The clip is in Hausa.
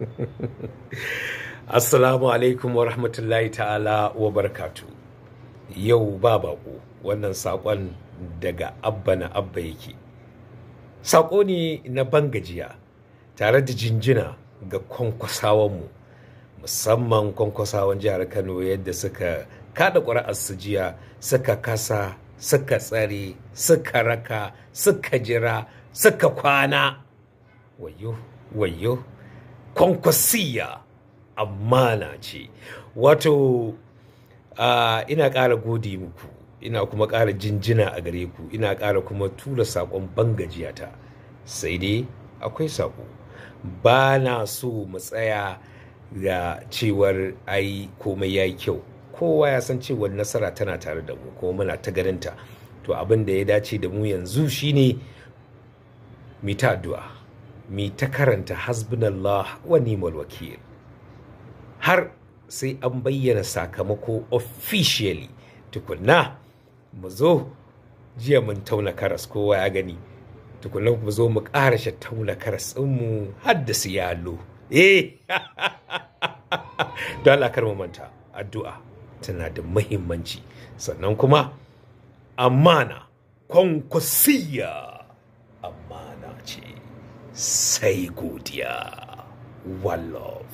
Assalamu alaikum wa rahmatullahi ta'ala wa barkatu. Yau ba bako wannan saƙon daga abba na abba yake. Saƙo ne na bangajiya tare da jinjina ga kwankwasawanmu musamman kwankwasawan jihar Kano yadda suka kada ƙuri'ar su jiya suka kasa suka tsare suka raka suka jira suka kwana wayo wayo kwankwasiya amana ce wato ina ƙara gode muku ina kuma ƙara jinjina a gare ku ina ƙara kuma tura saƙon bangajiyata sai dai akwai saƙo ba na so mu tsaya ga cewar ai komai ya yi kyau kowa ya san cewar nasara tana tare da mu kuma muna ta garinta to abin da ya dace da mu yanzu shine mita addu'a mi ta karanta hasbunallah wa ni'mal wakil har sai an bayyana sakamako officially tukunna mu zo jiya mun tauna karas kowa ya gani tukunna mu zo mu karashe tauna karas mu har da su yalo eh don Allah kar mu manta addu'a tana da muhimmanci sannan kuma amana kwankwasiyya amana ce Say good, year. One love.